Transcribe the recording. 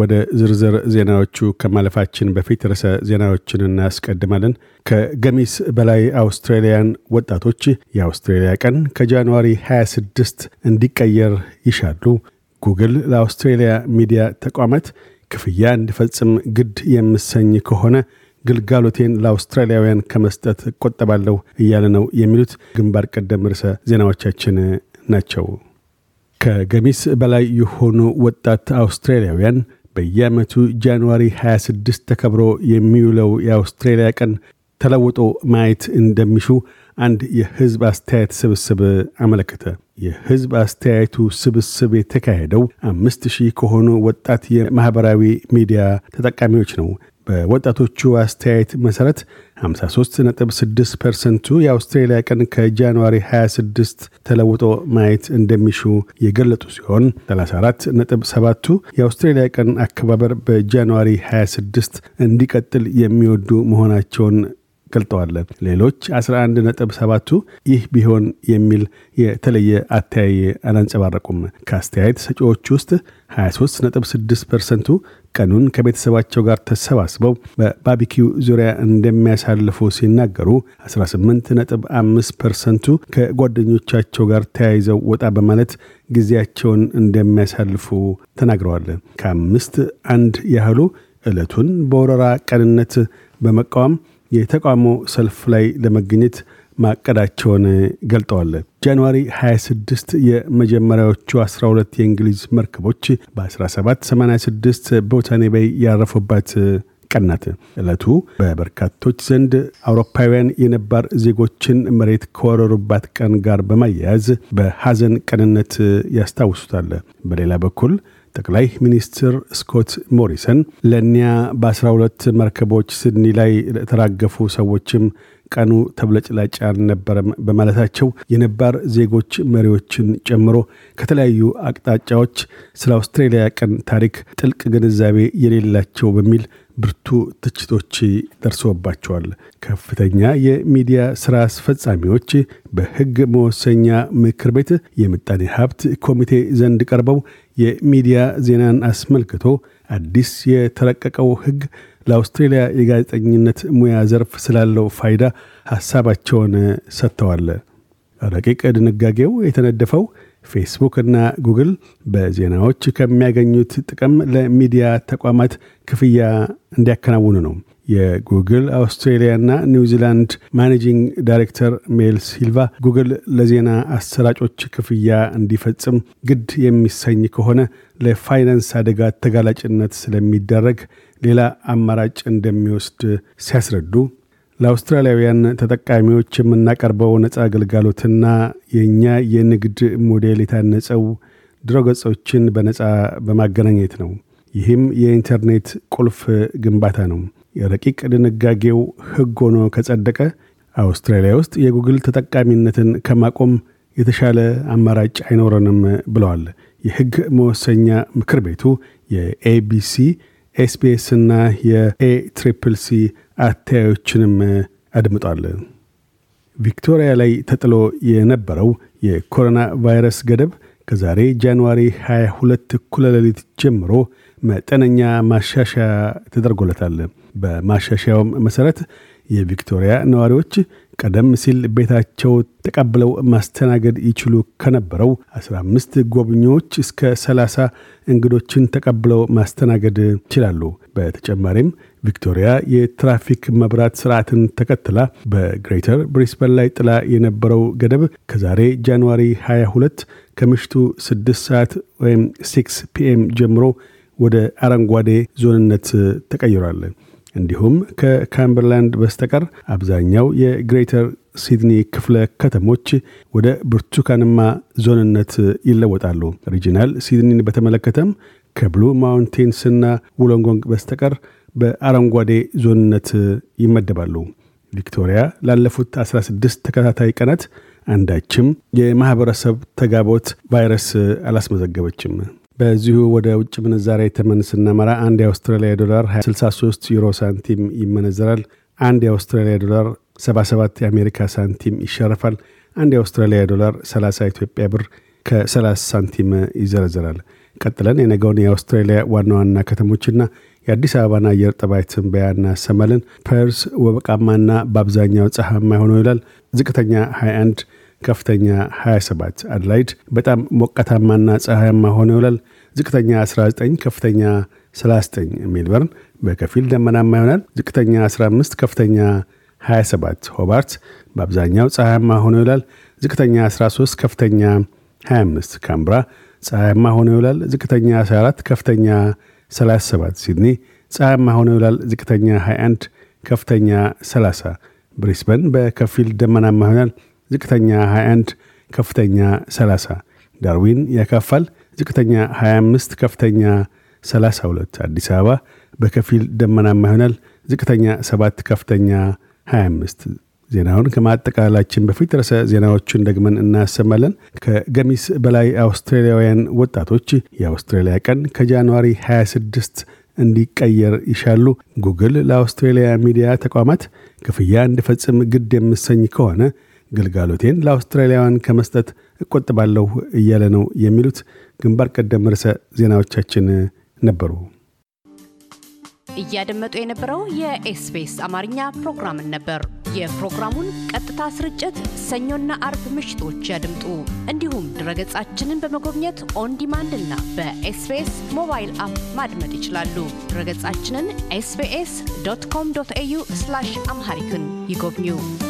ወደ ዝርዝር ዜናዎቹ ከማለፋችን በፊት ርዕሰ ዜናዎችን እናስቀድማለን። ከገሚስ በላይ አውስትራሊያን ወጣቶች የአውስትሬሊያ ቀን ከጃንዋሪ 26 እንዲቀየር ይሻሉ። ጉግል ለአውስትሬልያ ሚዲያ ተቋማት ክፍያ እንዲፈጽም ግድ የምሰኝ ከሆነ ግልጋሎቴን ለአውስትራሊያውያን ከመስጠት እቆጠባለሁ እያለ ነው የሚሉት ግንባር ቀደም ርዕሰ ዜናዎቻችን ናቸው። ከገሚስ በላይ የሆኑ ወጣት አውስትራሊያውያን በየዓመቱ ጃንዋሪ 26 ተከብሮ የሚውለው የአውስትሬልያ ቀን ተለውጦ ማየት እንደሚሹ አንድ የሕዝብ አስተያየት ስብስብ አመለከተ። የሕዝብ አስተያየቱ ስብስብ የተካሄደው አምስት ሺህ ከሆኑ ወጣት የማኅበራዊ ሚዲያ ተጠቃሚዎች ነው። በወጣቶቹ አስተያየት መሠረት 53.6 ፐርሰንቱ የአውስትሬልያ ቀን ከጃንዋሪ 26 ተለውጦ ማየት እንደሚሹ የገለጡ ሲሆን 34.7ቱ የአውስትሬልያ ቀን አከባበር በጃንዋሪ 26 እንዲቀጥል የሚወዱ መሆናቸውን ገልጠዋል። ሌሎች 11.7ቱ ይህ ቢሆን የሚል የተለየ አተያየ አላንጸባረቁም። ከአስተያየት ሰጪዎች ውስጥ 23.6 ፐርሰንቱ ቀኑን ከቤተሰባቸው ጋር ተሰባስበው በባቢኪው ዙሪያ እንደሚያሳልፉ ሲናገሩ 18.5 ፐርሰንቱ ከጓደኞቻቸው ጋር ተያይዘው ወጣ በማለት ጊዜያቸውን እንደሚያሳልፉ ተናግረዋል። ከአምስት አንድ ያህሉ ዕለቱን በወረራ ቀንነት በመቃወም የተቃውሞ ሰልፍ ላይ ለመገኘት ማቀዳቸውን ገልጠዋል። ጃንዋሪ 26 የመጀመሪያዎቹ 12 የእንግሊዝ መርከቦች በ1786 ቦታኔ ባይ ያረፉባት ቀናት ዕለቱ በበርካቶች ዘንድ አውሮፓውያን የነባር ዜጎችን መሬት ከወረሩባት ቀን ጋር በማያያዝ በሐዘን ቀንነት ያስታውሱታል። በሌላ በኩል ጠቅላይ ሚኒስትር ስኮት ሞሪሰን ለእኒያ በ12 መርከቦች ስድኒ ላይ ለተራገፉ ሰዎችም ቀኑ ተብለጭላጭ አልነበረም በማለታቸው የነባር ዜጎች መሪዎችን ጨምሮ ከተለያዩ አቅጣጫዎች ስለ አውስትሬልያ ቀን ታሪክ ጥልቅ ግንዛቤ የሌላቸው በሚል ብርቱ ትችቶች ደርሶባቸዋል። ከፍተኛ የሚዲያ ስራ አስፈጻሚዎች በሕግ መወሰኛ ምክር ቤት የምጣኔ ሀብት ኮሚቴ ዘንድ ቀርበው የሚዲያ ዜናን አስመልክቶ አዲስ የተረቀቀው ሕግ ለአውስትሬልያ የጋዜጠኝነት ሙያ ዘርፍ ስላለው ፋይዳ ሐሳባቸውን ሰጥተዋል። ረቂቅ ድንጋጌው የተነደፈው ፌስቡክ እና ጉግል በዜናዎች ከሚያገኙት ጥቅም ለሚዲያ ተቋማት ክፍያ እንዲያከናውኑ ነው። የጉግል አውስትሬሊያና ኒውዚላንድ ማኔጂንግ ዳይሬክተር ሜል ሲልቫ ጉግል ለዜና አሰራጮች ክፍያ እንዲፈጽም ግድ የሚሰኝ ከሆነ ለፋይናንስ አደጋ ተጋላጭነት ስለሚደረግ ሌላ አማራጭ እንደሚወስድ ሲያስረዱ ለአውስትራሊያውያን ተጠቃሚዎች የምናቀርበው ነፃ አገልጋሎትና የእኛ የንግድ ሞዴል የታነጸው ድረገጾችን በነፃ በማገናኘት ነው። ይህም የኢንተርኔት ቁልፍ ግንባታ ነው። የረቂቅ ድንጋጌው ህግ ሆኖ ከጸደቀ አውስትራሊያ ውስጥ የጉግል ተጠቃሚነትን ከማቆም የተሻለ አማራጭ አይኖረንም ብለዋል የህግ መወሰኛ ምክር ቤቱ የኤቢሲ ኤስቢኤስና እና የኤትሪፕልሲ አተያዮችንም አድምጧል። ቪክቶሪያ ላይ ተጥሎ የነበረው የኮሮና ቫይረስ ገደብ ከዛሬ ጃንዋሪ 22 እኩለ ሌሊት ጀምሮ መጠነኛ ማሻሻያ ተደርጎለታል። በማሻሻያውም መሠረት የቪክቶሪያ ነዋሪዎች ቀደም ሲል ቤታቸው ተቀብለው ማስተናገድ ይችሉ ከነበረው 15 ጎብኚዎች እስከ 30 እንግዶችን ተቀብለው ማስተናገድ ይችላሉ። በተጨማሪም ቪክቶሪያ የትራፊክ መብራት ስርዓትን ተከትላ በግሬተር ብሪስበን ላይ ጥላ የነበረው ገደብ ከዛሬ ጃንዋሪ 22 ከምሽቱ 6 ሰዓት ወይም 6 ፒኤም ጀምሮ ወደ አረንጓዴ ዞንነት ተቀይሯል። እንዲሁም ከካምበርላንድ በስተቀር አብዛኛው የግሬተር ሲድኒ ክፍለ ከተሞች ወደ ብርቱካንማ ዞንነት ይለወጣሉ። ሪጂናል ሲድኒን በተመለከተም ከብሉ ማውንቴንስና ውሎንጎንግ በስተቀር በአረንጓዴ ዞንነት ይመደባሉ። ቪክቶሪያ ላለፉት 16 ተከታታይ ቀናት አንዳችም የማኅበረሰብ ተጋቦት ቫይረስ አላስመዘገበችም። በዚሁ ወደ ውጭ ምንዛሪ ተመን ስናመራ አንድ የአውስትራሊያ ዶላር 63 ዩሮ ሳንቲም ይመነዘራል። አንድ የአውስትራሊያ ዶላር 77 የአሜሪካ ሳንቲም ይሸርፋል። አንድ የአውስትራሊያ ዶላር 30 ኢትዮጵያ ብር ከ30 ሳንቲም ይዘረዘራል። ቀጥለን የነገውን የአውስትራሊያ ዋና ዋና ከተሞችና የአዲስ አበባን አየር ጠባይ ትንበያ እናሰማለን። ፐርስ ወበቃማና በአብዛኛው ፀሐማ ሆኖ ይውላል። ዝቅተኛ 21 ከፍተኛ 27። አድላይድ በጣም ሞቃታማና ፀሐያማ ሆኖ ይውላል። ዝቅተኛ 19፣ ከፍተኛ 39። ሜልበርን በከፊል ደመናማ ይሆናል። ዝቅተኛ 15፣ ከፍተኛ 27። ሆባርት በአብዛኛው ፀሐያማ ሆኖ ይውላል። ዝቅተኛ 13፣ ከፍተኛ 25። ካምብራ ፀሐያማ ሆኖ ይውላል። ዝቅተኛ 14፣ ከፍተኛ 37። ሲድኒ ፀሐያማ ሆኖ ይውላል። ዝቅተኛ 21፣ ከፍተኛ 30። ብሪስበን በከፊል ደመናማ ይሆናል። ዝቅተኛ 21 ከፍተኛ 30። ዳርዊን ያካፋል ዝቅተኛ 25 ከፍተኛ 32። አዲስ አበባ በከፊል ደመናማ ይሆናል ዝቅተኛ 7 ከፍተኛ 25። ዜናውን ከማጠቃላችን በፊት ርዕሰ ዜናዎቹን ደግመን እናሰማለን። ከገሚስ በላይ አውስትራሊያውያን ወጣቶች የአውስትራሊያ ቀን ከጃንዋሪ 26 እንዲቀየር ይሻሉ። ጉግል ለአውስትሬልያ ሚዲያ ተቋማት ክፍያ እንዲፈጽም ግድ የምሰኝ ከሆነ ግልጋሎቴን ለአውስትራሊያውያን ከመስጠት እቆጥባለሁ እያለ ነው የሚሉት ግንባር ቀደም ርዕሰ ዜናዎቻችን ነበሩ። እያደመጡ የነበረው የኤስቢኤስ አማርኛ ፕሮግራምን ነበር። የፕሮግራሙን ቀጥታ ስርጭት ሰኞና አርብ ምሽቶች ያድምጡ። እንዲሁም ድረገጻችንን በመጎብኘት ኦን እና በኤስቢኤስ ሞባይል አፕ ማድመጥ ይችላሉ። ድረገጻችንን ኤስቢኤስ ዶት ኮም ዶት ኤዩ አምሃሪክን ይጎብኙ።